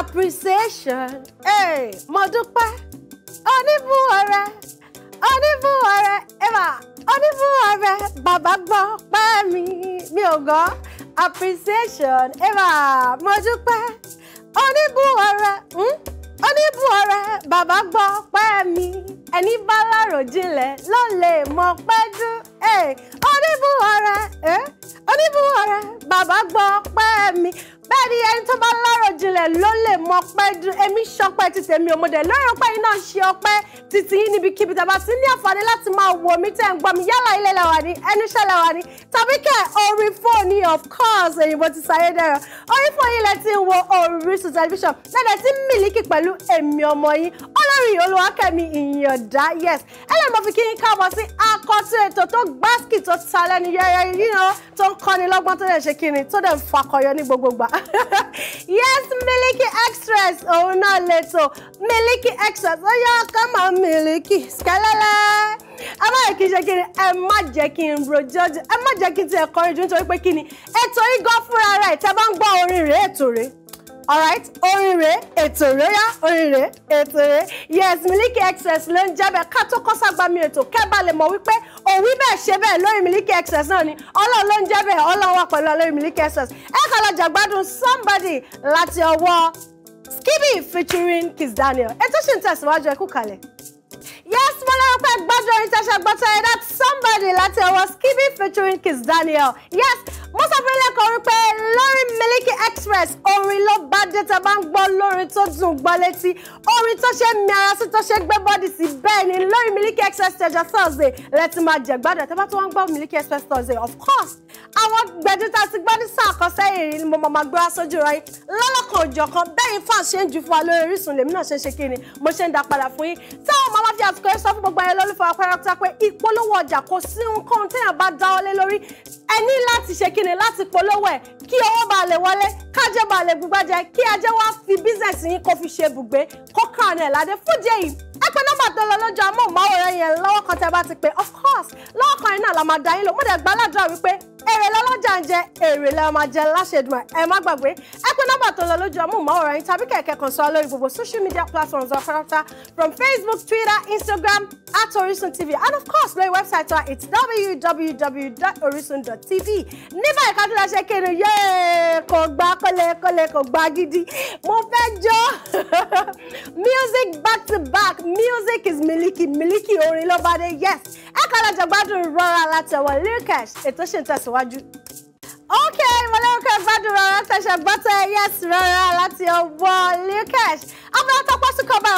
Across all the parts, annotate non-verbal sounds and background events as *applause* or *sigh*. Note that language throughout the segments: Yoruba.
appreciation hey, mo dúpẹ́ oníbùn ọ̀rẹ́ oníbùn ọ̀rẹ́ ẹ̀wà oníbùn ọ̀rẹ́ bàbá gbọ́ mi mi appreciation eva, mo dúpẹ́ oníbùn ọ̀rẹ́ hmm? oníbùn ọ̀rẹ́ bàbá gbọ́ pẹ́ mi ẹni bá lárò jinlẹ̀ ló lè mọ pẹ́jú oníbùn ọ̀rẹ́ eh? oníbùn ọ̀rẹ́ bàbá gbọ́ bẹ́ẹ̀ ni ẹni tó bá lọ́rọ̀ jinlẹ̀ ló lè mọ pẹ́ dùn èmi ṣọpẹ́ ti tèmi ò mo dẹ̀ lọ́rọ̀ pé iná ṣe ọpẹ́ títí yín níbikíbi tàbá sí ní àǹfààní láti máa wò mí tẹ̀ ń gbọ́ mi yálà ilé lẹ́wà ní ẹnu iṣẹ́ lẹ́wà ní tàbí kẹ́ orí fóònù of course òyìnbó ti sáyé dẹ̀rọ̀ orí fóònù ilẹ̀ ti ń wo Orísun tẹlifíṣàn lẹ́dẹ̀ tí Mílíkì pẹ̀lú èmi ọmọ yín olórí Olúwakẹ́mi Ìyàndá yes ẹlẹ́mọ̀ fi kí n káàbọ̀ sí akọ́tún ètò tó gbásíkì tó ta lẹ́nu yẹ́yẹ́ yíyan tó ń kọ́ni lọ́gbọ́n tó dẹ̀ ṣe kíni tó dẹ̀ fakọyọ ní gbogbogbà yes miliki express òun náà lẹ́tọ̀ miliki extras. Oh yeah, come on, miliki Skalala. ẹ má yẹ kí n ṣe kí ni ẹ má jẹ́ kí n rojọ́ ẹ má jẹ́ kí n right. ẹ̀kọ́ rìn jù nítorí alright orin rèé ètò rẹ́yà orin rèé ètò rèé yes Miliki excess. ló ń jẹ́bẹ̀ ká tó kọ́ sàgbà mi ètò kẹ́bà lè mọ̀ wípé òwí bẹ́ẹ̀ ṣe bẹ́ẹ̀ lórí Miliki excess. náà ni ọlọ́run ló ń jẹ́bẹ̀ ọlọ́run wà pẹ̀lú lórí Miliki excess. ẹ kàn lọ jàgbádùn somebody láti ọwọ́ Skibi featuring Kiss Daniel ètò ṣì ń tẹ̀síwájú ẹ kú kalẹ̀ yes mo lọ́wọ́ pé gbọ́dọ̀ orin tẹ́ṣẹ̀ gbọ́tọ̀ ẹ̀ that somebody láti ọwọ́ Skibi featuring Kiss Daniel yes mo sọ fún ilé kan wípé lórí Miliki Express orin ló bá dé tá a bá ń gbọ́ lórin tó dùn gbọ́ létí orin tó ṣe mi ara sí tó ṣe gbé bọ́dì sí bẹ́ẹ̀ ni lórí Miliki Express tẹjọ Thursday lẹ́tí máa jẹ gbádùn tá a bá tún wá ń gbọ́ Miliki Express Thursday of course àwọn gbẹ̀dú tá a ti gbọ́ ní sáà kan sẹ́yìn rí ni mo máa gbé wá sójú ra yín lọ́lọ́kan òjọ̀kan bẹ́yìn fún àṣẹ ń jù fún wa lórí Orísun lèmi náà ṣe ṣe kí ni mo ṣe ń da padà fún yín táwọn máa wá fi àsìkò yẹn sọ fún gbogbo ayé lọ́lùfọ̀ọ́ pẹ́rẹ́pẹ́rẹ́ pé ìpolówó ọjà kò sí nǹkan téèyàn bá dáwọ́lé lórí ẹ ní láti ṣe k kìnì láti polówó ẹ̀ kí owó bá lè wọlé kájẹ́ bá lè gbúgbájẹ kí ajẹ́ wá fi bísẹ̀sì yín kó fi ṣe ibùgbé kọ́kọ́ àná ẹ̀ ládé fún díẹ̀ yìí ẹ pé nọ́mbà tó lọ lọ́jọ́ amóhùnmáwòrán yẹn lọ́wọ́ kan tẹ́ bá ti pè of course lọ́wọ́ kan yẹn náà la máa dá yín lò mo dẹ̀ gbàládùra wípé èrè lọ́lọ́jà ń jẹ èrè lẹ́ máa jẹ láṣẹ̀dùn ẹ má gbàgbé ẹ pé nọ́mbà tó lọ lójú amóhùnmáwòrán yín tàbí kẹ̀kẹ́ kan sọ lórí gbogbo social media platforms ọ̀fẹ́rẹ́fẹ́ from Facebook Twitter Instagram at Orisun TV and of course lórí website wa it's www.orisun.tv ní báyìí ká dúró ṣe kéde yéé kò gbá kólé kólé kò gbá gidi mo fẹ́ jọ́ *laughs* music back to back music is miliki miliki orin lọ́bàdé yes ẹ kọ́ lọ́jọ́ gbádùn rọra láti ọwọ́ Lyricash ètò ṣì ń tẹ̀síwájú. ok mọlẹ́wọ́kẹ́ gbádùn rọra tẹ̀sán gbọ́tọ̀ yes rọra láti ọwọ́ Lyricash abúlé tọpọ́ sí kọ́ bá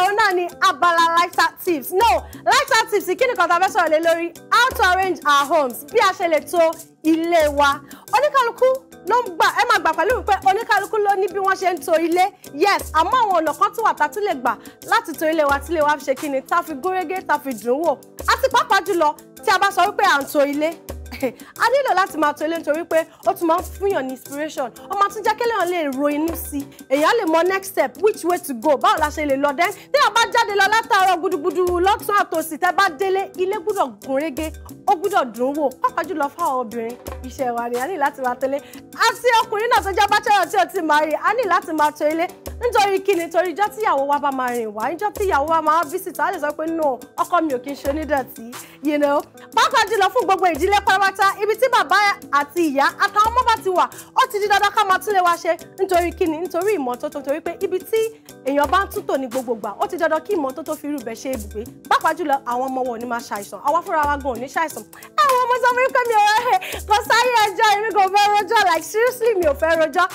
abala lifestyle tips no lifestyle tips kí ni kan tá a lé lórí how to arrange our homes bí a ṣe lè to ilé wa oníkálukú ló ń gbà ẹ máa gbà pẹ̀lú wípé oníkálukú ló ní bí wọ́n ṣe ń to ilé yes àmọ́ àwọn ọ̀nà kan tí wà tá tún lè gbà láti to ilé wa tí ilé wa fi ṣe kí ni tá fi gúnrégé tá fi dùn wò àti pàápàá jùlọ tí a bá sọ wípé à ń to ilé *laughs* a nílò láti máa tó ilé nítorí pé ó tún máa ń fúnyàn ní inspiration ó máa tún jẹ́ kí èèyàn lè ro inú sí i èèyàn lè mọ next step which way to go báwo la ṣe lè lọ dẹ́ téèyàn bá jáde lọ látàárọ̀ gudugudu lọ́tún àtòsí tẹ́ bá délé ilé gbúdọ̀ gún régé ó gbúdọ̀ dùn wò pàápàá jùlọ fáwọn obìnrin iṣẹ́ wa ni a ní láti máa tẹ́lẹ̀ àti ọkùnrin náà tó jẹ́ báchẹ́rọ̀ tí o ti máa rí a ní láti máa tó ilé nítorí kí ni torí ijọ́ tíyàwó wa bá máa rìn wá ijọ́ tíyàwó wa máa visit a lè sọ pé no ọkọ mi ò kí ń ṣe onídọ̀tí you know pàápàá jùlọ fún gbogbo ìdílé pápá pátá ibi tí bàbá àti ìyá àtàwọn ọmọ bá ti wà ó ti di dandan ká máa tún lé wa ṣe nítorí kíni nítorí ìmọ́tótó nítorí pé ibi tí èèyàn bá ń túntò ní gbogbogbà ó ti dandan kí ìmọ́tótó fi rúbẹ̀ ṣe ibùgbé pàápàá jùlọ àwọn ọmọ wọn ò ní máa ṣàìsàn àwa fúnra wa gan ò ní ṣàìsàn àwọn ọmọ sọ fún mi pé mi ò rẹ́ kò sáyé ẹjọ́ èmi kò fẹ́ rojọ́ like seriously mi ò fẹ́ rojọ́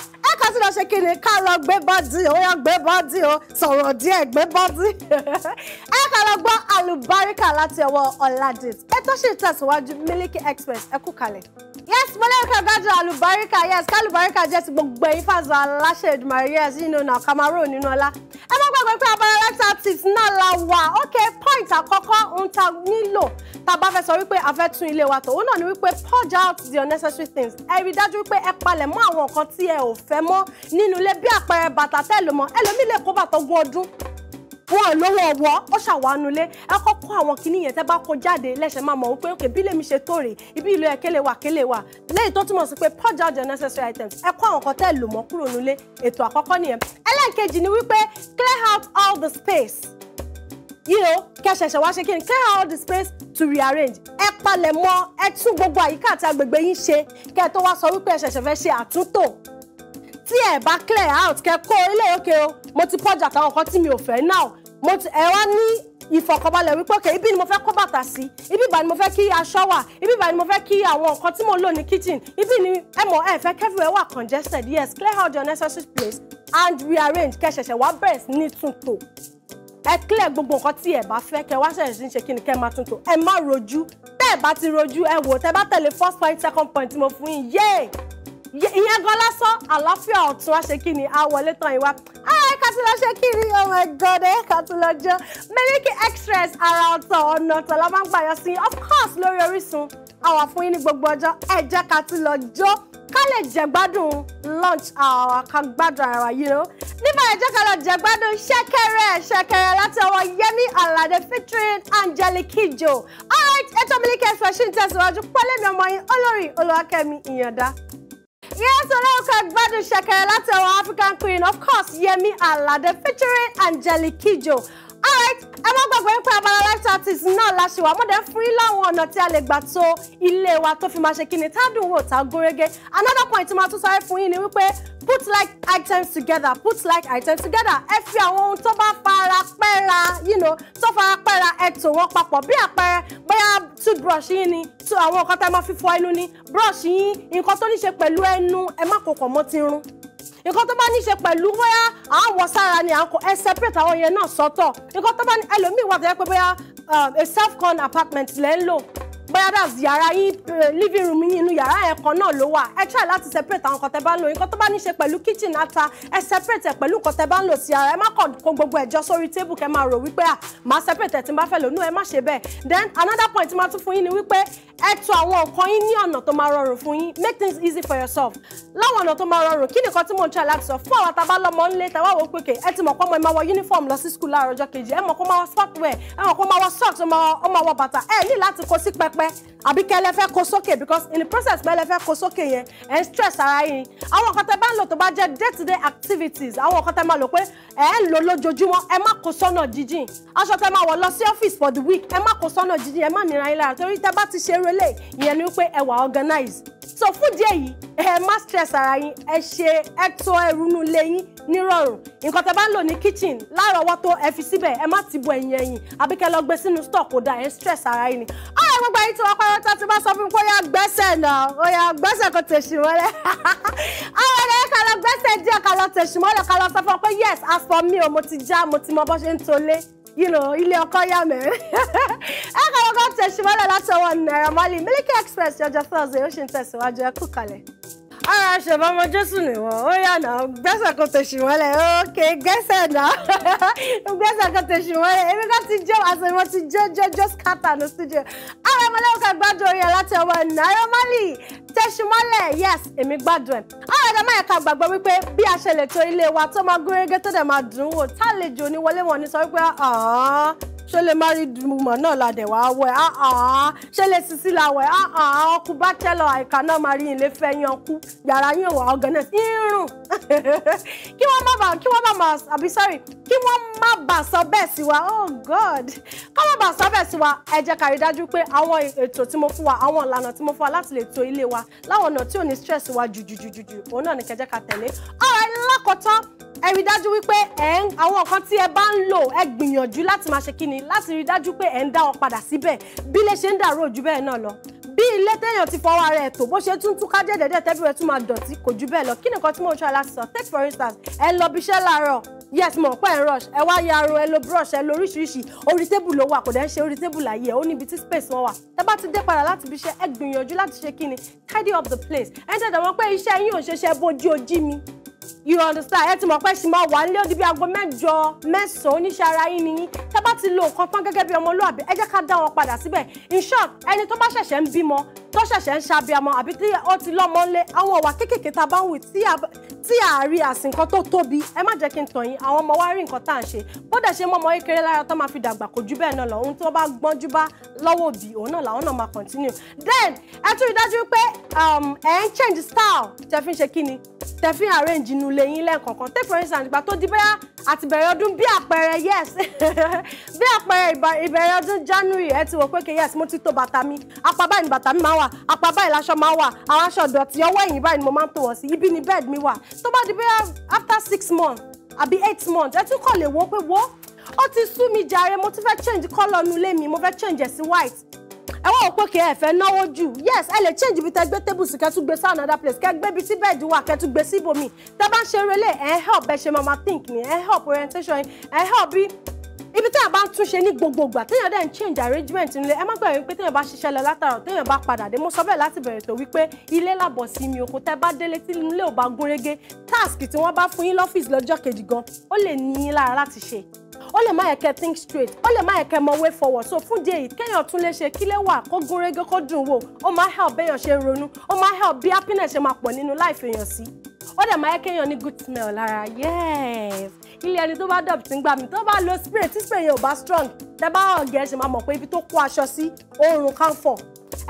tún lọ ṣe kí ni ká lọ gbé bọ́dì ó yọ gbé bọ́dì ó sọ̀rọ̀ díẹ̀ gbé bọ́dì. *laughs* ẹ ká lọ gbọ́ àlùbáríkà láti ọwọ́ ọ̀làdìs ètò sì tẹ̀síwájú Miliki Express ẹ kú kalẹ̀. yes mo lérò ká gbádùn àlùbáríkà yes kálùbáríkà jẹ́ ti gbogbo ẹ̀yin fàzọ aláṣẹ ìdùmọ̀ yes yìí nínú náà kàmárò nínú ọlá. ẹ má gbàgbé pé abala láti tips náà la wà ok point àkọ́kọ́ ń ta nílò tá a bá fẹ́ sọ wípé a fẹ́ tún ilé wa tò ó náà ni wípé purge out the unnecessary things ẹ rí dájú wípé ẹ palẹ̀ mọ́ àwọn nǹkan tí ẹ ò fẹ́ mọ́ nínú ilé bí àpẹẹrẹ bàtà tẹ́ lò mọ́ ẹlòmíì lè kó bàtà ogún ọdún wọn lówó ọwọ́ ó ṣàwánulé ẹ kọ́kọ́ àwọn kinní yẹn tẹ́ bá kó jáde lẹ́sẹ̀ máa mọ̀ wípé òkè bí lèmi ṣe tó rè ibi ìlú ẹ̀ kéle wà kéle wà léyìí tó túmọ̀ sí pé purge out the unnecessary items ẹ kó àwọn kan tẹ́ lò mọ́ kúrò nulẹ̀ ètò àkọ́kọ́ nìyẹn ẹlẹ́ẹ̀kejì ni wípé clear out all the space you know kẹ́ ṣẹ̀ṣẹ̀ ṣe kí ni clear all the space to rearrange ẹ palẹ̀ mọ́ ẹ tún gbogbo àyíká àti agbègbè yín ṣe kẹ́ tó wá sọ wípé ẹ ṣẹ̀ṣẹ̀ ṣe àtúntò tí ẹ bá clear out kẹ́ kó ilé òkè o mo ti pọ́jà táwọn kan tí mi ò fẹ́ now mo ti ẹ wá ní ìfọ̀kànbalẹ̀ wípé òkè ibi ni mo fẹ́ kó bàtà sí ibi ìbá ni mo fẹ́ kí aṣọ wà ibi ìbá ni mo fẹ́ kí àwọn nǹkan tí mo ń lò ní kitchen ibi ni ẹ mọ̀ ẹ fẹ́ kẹ́fìwẹ́ wà congested yes clear out your necessary place and rearrange kẹ́ ṣẹ̀ṣẹ̀ wá sí ní tuntò ẹ clear gbogbo nǹkan tí ẹ bá fẹ́ kẹ́ wá ṣẹ̀ṣẹ̀ ṣe kí ni kẹ́ máa tuntun ẹ má rojú tẹ́ ẹ bá ti rojú ẹ wò tẹ́ bá tẹ̀lé first point second point tí mo fún yín yéè ìyẹn gan lásán àlàáfíà ọ̀tún wá ṣe kí ni á wọlé tán yín ẹ ká tún lọ ṣe kí ni oh my god ẹ ká tún lọ jọ Miliki Express ara ọ̀tọ̀ ọ̀nà ọ̀tọ̀ la máa ń gbà yọ sí of course lórí Orísun àwa fún yín ní gbogbo ọjọ́ ẹ jẹ́ ká tún lọ jọ́ ká lè jẹ̀gbádùn lunch hour ká gbádùn ara wa yìí o nígbà yẹn jẹ́ ká lọ jẹ̀gbádùn ṣẹ́kẹrẹ ṣẹ́kẹrẹ láti ọwọ́ Yẹmí Aládé featuring Angelique Kidjo alright ètò Miliki Express ń tẹ̀síwájú pọ́lẹ́ mi ọmọ yín olórí Olúwakẹ́mi Ìyàndá yes olórúkọ gbádùn ṣẹ̀kẹ̀rẹ̀ láti ọwọ́ African Queen of course Yẹmí Aládé featuring Angelique Kidjo alright ẹ má gbàgbé pé abala life tactics náà la ṣe wà mọ́ dẹ̀ fún yín láwọn ọ̀nà tí a lè gbà tó ilé wa tó fi máa ṣe kíni tá a dùn wò tá a another point tí máa tún sáré fún yín ni wípé put like items together put like items together ẹ fi àwọn ohun tó bá fara pẹ́ra you know tó fara pẹ́ra ẹ tò wọ́n papọ̀ bí àpẹẹrẹ bóyá toothbrush yín ni àwọn nǹkan tá ẹ máa fi fọ inú ni brush yín nǹkan tó ní ṣe pẹ̀lú ẹnu ẹ má kó pọ̀ mọ́ tirun nǹkan tó bá ní ṣe pẹ̀lú bóyá àwọn sára ni à ń kọ ẹ separate àwọn yẹn náà sọ́tọ̀ nǹkan tó bá ní ẹlòmíì wà tó yẹ pé bóyá um, a self-con apartment lẹ́ ń lò bóyá that's yàrá yín eh, living room yín inú yàrá yẹn kan náà ló wà ẹ try láti separate àwọn nǹkan tẹ bá ń lò nǹkan tó bá ní ṣe pẹ̀lú kitchen ata ẹ separate ẹ pẹ̀lú nǹkan tẹ bá ń lò sí ara ẹ má kàn kó gbogbo ẹ̀jọ́ sórí table kẹ máa rò wípé à ah, máa separate ẹ tí n bá fẹ́ lò nú ẹ má ṣe bẹ́ẹ̀ then another point máa tún fún yín ni wípé ẹ tò àwọn nǹkan yín ní ọ̀nà tó máa rọrùn fún yín make things easy for yourself láwọn ọ̀nà tó máa rọrùn kí nìkan tí mò ń try láti sọ fún àwọn tá a bá lọ́mọ wò ó pé kè ẹ ti mọ̀ pé ọmọ ẹ máa wọ uniform lọ sí school láàárọ̀ ọjọ́ kejì ẹ mọ̀ kó máa wọ sportwear ẹ mọ̀ kó máa wọ bàtà ẹ ní láti kó sí pẹpẹ pẹ́ àbí kẹ́ lẹ kó sókè because in the process pẹ́ lẹ fẹ́ kó sókè yẹn ẹ̀ ń stress ara yín àwọn nǹkan tẹ bá ń lò tó bá jẹ́ day to day activities àwọn nǹkan tẹ máa lò pé ẹ̀ ń lò lójoojúmọ́ ẹ má kó sọ́nà jíjìn aṣọ tẹ máa wọ̀ lọ sí ọ́fíìsì for the week ẹ má kó sọ́nà jíjìn ẹ má nira yín lára torí tẹ bá ti ṣe eré lè ìyẹn ni wípé ẹ wà organized so fún díẹ̀ yìí ẹ má stress ara yín ẹ ṣe ẹ tọ́ ẹrù nù lẹ́yìn nírọ̀rùn nǹkan tẹ́ bá ń lò ní kitchen lárọ̀ọ́wọ́tó ẹ fi síbẹ̀ ẹ má ti bu ẹ̀yìn ẹ̀yìn àbí kẹ́ lọ gbé sínú store kódà ẹ stress ara yín ni. ọ̀rọ̀ gbogbo ayé tí wọ́n pẹ́rẹ́ tó ti bá sọ fún mi pé ó yá gbẹ́sẹ̀ náà ó yá gbẹ́sẹ̀ kò tèṣì mọ́lẹ̀. ọ̀rọ̀ *laughs* rẹ̀ ká lọ gbẹ́sẹ̀ díẹ̀ ká lọ tèṣì mọ́lẹ̀ ká lọ sọ fún ọ pé yes as for me o mo ti já mo ti mọ bó ṣe ń tolé you know, ilé ọkọ yá mẹ́. *laughs* ẹ kàn lọ́kọ́ tẹ̀síwọ́lẹ̀ látọwọ́ Naira Marley Miliki Express yọjọ́ Thursday ó ṣe ń tẹ̀síwájú ẹ kú kalẹ̀ ara ṣèbámọ jésù nìwọ ó yànà gbẹ́sẹ̀ kò tèṣì mọ́lẹ̀ ókè gbẹ́sẹ̀ náà *laughs* gbẹ́sẹ̀ kò tèṣì mọ́lẹ̀ èmi kan ti jẹ́ àṣẹmọ́ ti jẹ́ jẹ́ just scatter ní studio ara ìmọ̀lẹ́wò kan gbádùn orin ẹ̀ láti ọwọ́ Naira Marley tẹ̀sí mọ́lẹ̀ yes èmi gbádùn ẹ̀. àwọn ẹ̀dá máa ka gbàgbọ́ wípé bí a ṣe lè to ilé wa tó máa gúnrégé tó dẹ̀ máa dùn wò tálejò ní wọlé wọn ní sọ wípé ọ̀hán ṣé lè married woman náà la wá wẹ̀ áà ṣé lè sisi la wẹ̀ áà ọkùn bachelor àìkà náà máa rí ilé fẹ́ yan kú yàrá yín wà organize irun *laughs* kí wọ́n má bàa kí wọ́n má bàa àbí sorry kí wọ́n má bàa sọ bẹ́ẹ̀ sí wa oh god kọ́ má bàa sọ bẹ́ẹ̀ sí wa ẹ jẹ́ ká dájú pé àwọn ètò tí mo fún wa àwọn ìlànà tí mo fún wa láti lè to ilé wa láwọn ọ̀nà tí ò ní stress wa jùjùjùjù òun náà ní kẹ́ jẹ́ ká tẹ̀lé ọ̀rọ̀ ẹni lákọ̀ọ́tán ẹ rí dájú wípé ẹ̀ àwọn nǹkan tí ẹ bá ń lò ẹ gbìyànjú láti máa ṣe kí ni yín láti rí dájú pé ẹ̀ ń dá wọn padà síbẹ̀ bí ilé ṣe ń dàrú òjú bẹ́ẹ̀ náà lọ bí ilé téèyàn ti fọwọ́ ara ẹ̀ tó bó ṣe tún túká jẹ́jẹ́jẹ́ tẹ́bí rẹ̀ tún máa dọ̀tí kò jù bẹ́ẹ̀ lọ kí nìkan tí mò ń ṣe aláṣọ take for instance ẹ lọ bíṣẹ́ láàárọ̀ yes mo pẹ́ ẹ̀ rush ẹ wá ya arun ẹ lo brush ẹ lo oríṣiríṣi orí tébù ló wà kò dẹ́ ń ṣe orí tébù láyé ẹ ó níbi tí space wọn wà tẹ bá ti dé padà láti bíṣẹ́ ẹ gbìyànjú láti ṣe kí ni tidy up the place ẹ ń tẹ̀dọ̀ wọn pé iṣẹ́ yín ò ṣe ṣe bójú ojí mi you understand ẹ ti mọ̀ pé ṣì máa wà nílé òdìbí aago mẹ́jọ mẹ́sàn-án oníṣẹ́ ara yín ni yín tá bá ti lo nǹkan tán gẹ́gẹ́ bí ọmọlúàbí ẹ jẹ́ ká dá wọn padà síbẹ̀ in short ẹni tó bá ṣẹ̀ṣẹ̀ ń bímọ tó ṣẹ̀ṣẹ̀ ń ṣàbíamọ àbí tí ó ti lọ́mọ ńlé àwọn ọ̀wà kéékèèké tá a bá ń wù tí àárí àsìnkan tó tóbi ẹ má jẹ́ kí n tàn yín àwọn ọmọ wa rí nǹkan tá à ń ṣe bó dẹ̀ ṣe mọ́ ọmọ kékeré lára tó máa fi dàgbà kò jù bẹ́ẹ̀ náà lọ ohun tó bá gbọ́n jù bá lọ́wọ́ òbí òun náà làwọn náà máa continue then ẹ tún rí dájú pé um, ẹ ń change style tẹ fi ń ṣe kí ni tẹ fi arrange inú ilé yín lẹ́ẹ̀kọ̀ọ̀kan take for instance ìgbà tó di bẹ́ẹ̀ àti bẹ̀rẹ̀ ọdún bí àpẹẹrẹ yes *laughs* bí àpẹẹrẹ ìbẹ̀rẹ̀ ọdún January ẹ ti wò pé kí yes mo ti tò bàtà mi apá báyìí ni bàtà mi máa wà apá báyìí laṣọ máa wà àwọn aṣọ ìdọ̀tí ọwọ́ ẹ̀yìn báyìí ni mo máa ń tò wọ̀ sí ibi ni bed mi wà tó bá di bẹ́ẹ̀ after six months àbí eight months ẹ tún kàn lè wò pé wò ó ti sú mi jàre mo ti fẹ́ change colour nulẹ̀ mi mo fẹ́ change ẹ̀ sí white ẹ wọ́n pé kí ẹ fẹ́ náwó jù yes ẹ lè change ibi tẹ gbé tables. sí kẹ́tù gbé sí another place kẹ́ gbé ibi tí bẹ́ẹ̀dì wà kẹ́tù gbé sí ibòmí tẹ bá ń ṣe relé ẹ help ẹ ṣe mama think ni ẹ help orientation ẹ help bí ibi tí a bá ń túnṣe ní gbogbogbà téèyàn dẹ̀ ń change arrangement nílé ẹ má gbàgbé wípé téèyàn bá ṣiṣẹ́ lọ látàrọ̀ téèyàn bá padà dé mo sọ bẹ́ẹ̀ láti bẹ̀rẹ̀ tó wípé ilé làbọ̀ sí mi oko tẹ́ bá délé tí ilé ò bá gúnrégé task tí wọ́n bá fún yín lọ́fíìsì lọ́jọ́ kejì gan ó lè ní yín lára láti ṣe ó lè má yẹ kẹ́ think straight ó lè má yẹ kẹ́ mọ way forward so fún díẹ̀ yìí kéèyàn tún lè ṣe kí lè wà kó gúnrégé kó dùn wò ó máa help béèyàn ṣe ronú ó máa help bí happiness ṣe máa pọ̀ nínú life èèyàn sí ó dẹ̀ máa yẹ kéèyàn ní good smell lára yes ilé ẹni tó bá dọ̀bù tí ń gbà mí tó bá lo spray tí spray yẹn ò bá strong tẹ bá ọ̀gẹ̀ ṣe máa mọ̀ pé ibi tó kó aṣọ sí oorun camphor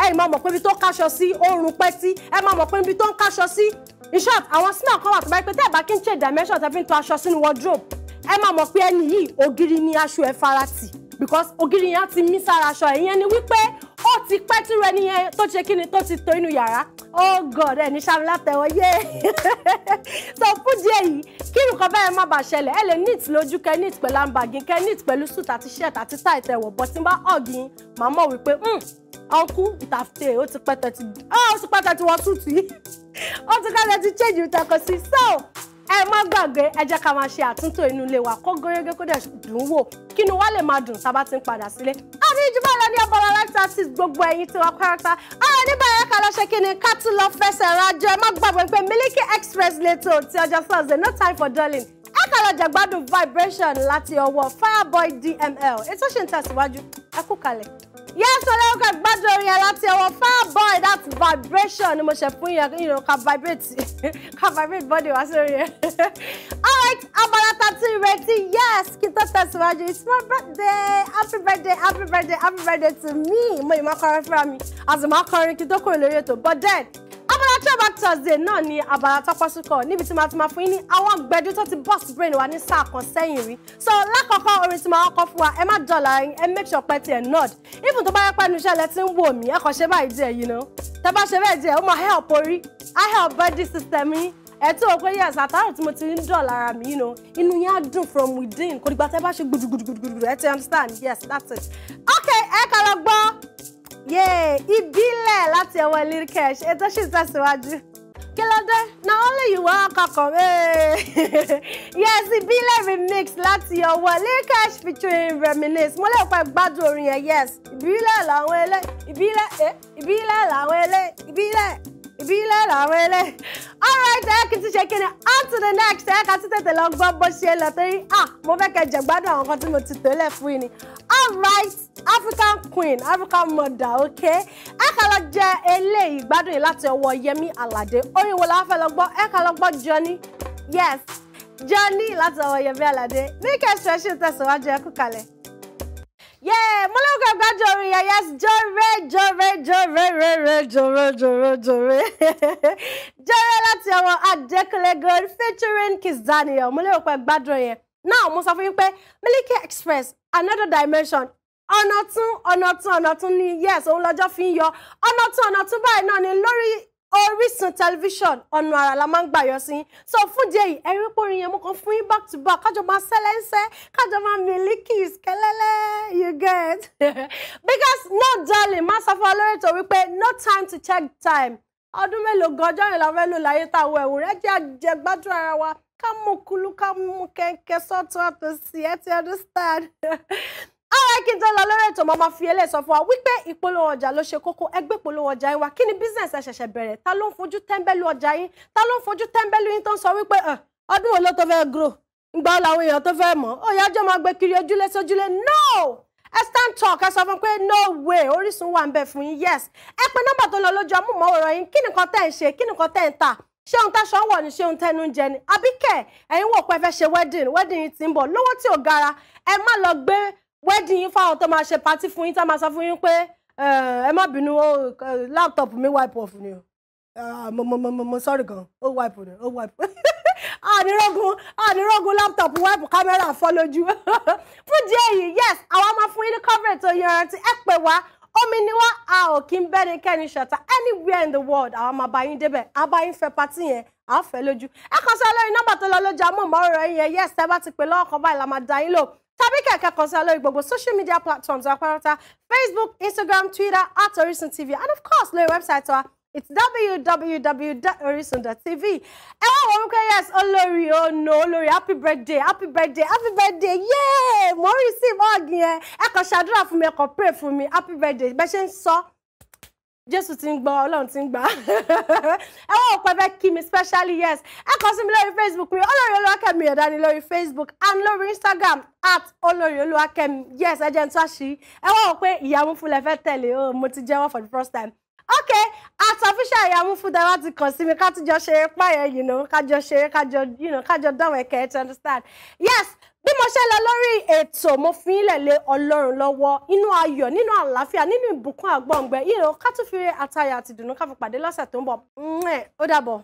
ẹ máa mọ̀ pé ibi tó káṣọ sí oorun pẹ́tí ẹ máa mọ̀ pé ibi tó ń káṣọ sí in short àwọn smell kan wà tó bá yẹ pé tẹ́ ẹ̀ bá kí n change dimension tẹ́ fi ń to aṣọ sínú wardrobe ẹ máa mọ̀ pé ẹni yìí ògiri ni aṣọ ẹ̀ fara tì because ògiri yẹn ti mí sára aṣọ ẹ̀ ìyẹn ni wípé ó ti pẹ́ tí rẹ nìyẹn tó ṣe kí ni tó ti tó inú yàrá oh god ẹni ṣáà látẹ̀wọ́ yé *laughs* so fún díẹ̀ yìí kí nǹkan bẹ́ẹ̀ má bàa ṣẹlẹ̀ ẹ lè neat lójú kẹ neat pẹ̀lú àǹbàgì kẹ neat pẹ̀lú suit àti shirt àti tie tẹ̀wọ̀ bọ̀ tí n bá ọ̀gìn màá mọ̀ wípé ọ̀nkú hmm, ìtàfẹ́ ó ti pẹ́ tẹ̀ ti wọ́n tútù yìí ó ti pẹ́ tẹ̀ *laughs* ti change ìtẹ̀kọ̀ sí so ẹ má gbàgbé ẹ jẹ́ ká máa ṣe àtúntò inú ilé wa kó gúnrégé kó dẹ̀ dùn wò kí inú wa lè máa dùn tá a bá ti ń padà sílé. àbí ìjùbọ̀ lọ ní abala láti àti gbogbo ẹ̀yin tí wọ́n pẹ́rẹ́ta ọ̀rọ̀ níbẹ̀ yẹn ká lọ ṣe kí ni ká tún lọ fẹsẹ̀ rajọ ẹ má gbàgbé pé Miliki Express lẹ́tọ̀ ti ọjọ́ Thursday no time for darling ẹ ká lọ jẹ̀gbádùn vibration láti ọwọ́ Fireboy DML ètò ṣì ń tẹ̀síwájú ẹ kú kalẹ̀ yes ọlọ́run ká gbádùn orin yẹn láti ọwọ́ Fireboy that vibration ni mo ṣe fún yẹn you know ká vibrate *laughs* ká vibrate body wá sórí yẹn *laughs* alright abala tàti ìrètí yes kí tó tẹ̀síwájú it's my birthday happy birthday happy birthday happy birthday to me mo yìí máa kọrin fúnra mi àti máa kọrin kí tó kúrò lórí ètò but then abala travel thursday náà ni abala tọpọ́sùkọ̀ níbi tí màá ti máa fún yín ní àwọn gbẹ̀du tó ti bust brain wa ní sáà kan sẹ́yìn rí so lákọ̀ọ́kọ́ orin tí màá kọ́ fún wa ẹ má dọ̀là yín ẹ make sure pé tiẹ̀ nod even tó bá yẹ pé ẹnu iṣẹ́ lẹ ti ń wò mí ẹ kàn ṣe báyìí díẹ̀ yìí ná tẹ bá ṣe bẹ́ẹ̀ díẹ̀ ó máa help orí I help body system yín ẹ tó o pé yẹ sàtàrò tí mo ti ń dọ̀ lára mi yìí ná inú yẹn á dùn from within kò dìgbà tẹ bá ṣe gbùdùgbùdùgbùdù ẹ ti understand yes that's it okay ẹ kàn lọ gbọ́ Yay! Ìbílẹ̀ láti ọwọ́ Lyricash, ètò ṣì ń tẹ̀síwájú. Kí ló dé? Na only you wá kankan. *laughs* Yes, ìbílẹ̀ remix láti ọwọ́ Lyricash featuring Reminisce. Mo lè pa gbádùn orin yẹn, yes. Ìbílẹ̀ làwọn elé, ìbílẹ̀ ẹ̀, eh, ìbílẹ̀ làwọn elé, ìbílẹ̀ ìbílẹ̀ làwọn elé. All right, ẹ kì í ti ṣe kí ni on to the next ẹ kà ti tètè lọ gbọ́ bó ṣe lọ torí ah mo fẹ́ kẹ́ jẹ̀gbádùn àwọn kan tí mo ti tẹ́lẹ̀ fún yìí ni all right african queen african mother ok ẹ kà lọ jẹ eléyìí gbádùn yìí láti ọwọ́ Yẹmí Alade. Oh, you will have a gbọ́ ẹ I lọ gbọ́ Johnny yes Johnny láti ọwọ́ Yẹmí Aládé ní kẹsàn án ṣe tẹsíwájú ẹ kú kalẹ̀ yeah mo lọ́kọ̀ gbájọ orin yẹn yes jọ̀rẹ́ jọ̀rẹ́ jọ̀rẹ́ rẹ̀rẹ̀ jọ̀rẹ́ jọ̀rẹ́ jọ̀rẹ́ *laughs* jọ̀rẹ́ láti ọwọ́ Adékúnlé Gold featuring Kiss Daniel mo lérò pé gbádùn yẹn now mo sọ fún yín pé Miliki Express another dimension ọ̀nà tún ọ̀nà tún ọ̀nà tún ni yes òun lọ́jọ́ fi ń yọ ọ̀nà tún ọ̀nà tún báyìí náà ni lórí Orísun tẹlifíṣàn ọ̀nà àrà la máa ń gbà yọ sí yín so fún díẹ̀ yìí ẹ̀rí pé orin yẹn mo kàn fún yín back to back kájọ máa sẹ́lẹ́sẹ́ Miliki kẹ́lẹ́lẹ́ you get *laughs* because no darling má sọ fún ọ lórí ètò no time to check time ọdún mélòó gan ọjọ́ ìlànà mélòó láyé táwọn ẹ̀wù rẹ̀ jẹ́ àjẹgbádùn ara wa Come kulu, come kenke, sort out the yet you understand. *laughs* Alright, kí n tó lọ lórí ètò mo máa fi eléyìí sọ fún wa wípé ìpolówó ọjà ló ṣe kókó ẹgbẹ́ ìpolówó ọjà yín wa kí ni business ẹ ṣẹ̀ṣẹ̀ bẹ̀rẹ̀ ta ló ń fojú tẹ́ńbẹ́lú ọjà yín ta ló ń fojú tẹ́ńbẹ́lú yín tó ń sọ wípé ọdún wo ló tó fẹ́ grow ìgbà wo làwọn èèyàn tó fẹ́ mọ̀ ó yájọ́ máa gbé kiri ojúlé sójúlé no ẹ stand talk ẹ sọ fún pé no way Orísun wà ń bẹ fún yín yes ẹ pe nọ́mbà tó lọ lójú amúmọ̀wòrán yín kí nìkan tẹ́ ń ṣe kí nìkan ṣé ohun táṣọ ń wọ̀ ni ṣé ohun tẹnu ń jẹ ni àbíkẹ́ ẹ̀yin wò pé ẹ fẹ́ ṣe wedding wedding yìí ti ń bọ̀ lówó tí ò gara ẹ má lọ gbé wedding yìí fáwọn tó máa ṣe party fún yín tá máa sọ fún yín pé eh, ẹ má bínú laptop mi wipe off ni o ah, mo mo mo mo sorry gan ó wipe ni ó wipe ànírógun *laughs* ànírógun laptop wipe camera fọ́ lójú *laughs* fún díẹ̀ yìí yes àwa máa fún yín ní coverage tó yanrantí ẹ pè wá omi ni a ò kí ń bẹ́nikẹ́ni anywhere in the world àwọn máa bá yín débẹ̀ a bá yín fẹ́ patí yẹn a fẹ́ lójú ẹ kàn sí olórí nọ́mbà tó lọ lójú amóhùnmáwòrán yẹn yes ẹ bá ti pè lọ́wọ́ kan báyìí la máa da yín lò tàbí kẹ̀kẹ́ kan sí gbogbo social media platforms wa Facebook Instagram Twitter at Orisun TV and of course lórí website wa it's www.orisun.tv ẹ wá yes, orúkọ yes olórí ono olórí happy birthday happy birthday happy birthday yay mo receive ọ̀gìn ẹ ẹ kàn ṣàdúrà fún mi ẹ pray for me. happy birthday but she saw sọ jésù ti ń gbọ́ ọlọ́run ti ń gbà *laughs* ẹ wọ́n ò mi specially yes ẹ kàn sí mi lórí facebook mi olórí olúwakẹ́mi ẹ̀dá ni lórí facebook and lórí instagram at olórí olúwakẹ́mi yes ẹ jẹ́ n tó àṣírí ẹ wọ́n ò pé o oh, mo ti jẹ́wọ́ for the first time Okay, at official ayamu fuda wa ti kàn sí mi ká tún jọ ṣe é pààyàn you know ká jọ ṣe é ká you know ká jọ dánwò ẹkẹ to understand yes bí mo ṣe lọ lórí ètò mo fi ń lẹ̀lé ọlọ́run lọ́wọ́ inú ayọ̀ nínú àlàáfíà nínú ìbùkún àgbọ̀ǹgbẹ yìí ló ká tún fi àtayọ̀ àti ìdùnnú ká fi pàdé lọ́sẹ̀ tó ń bọ̀ ó dàbọ̀.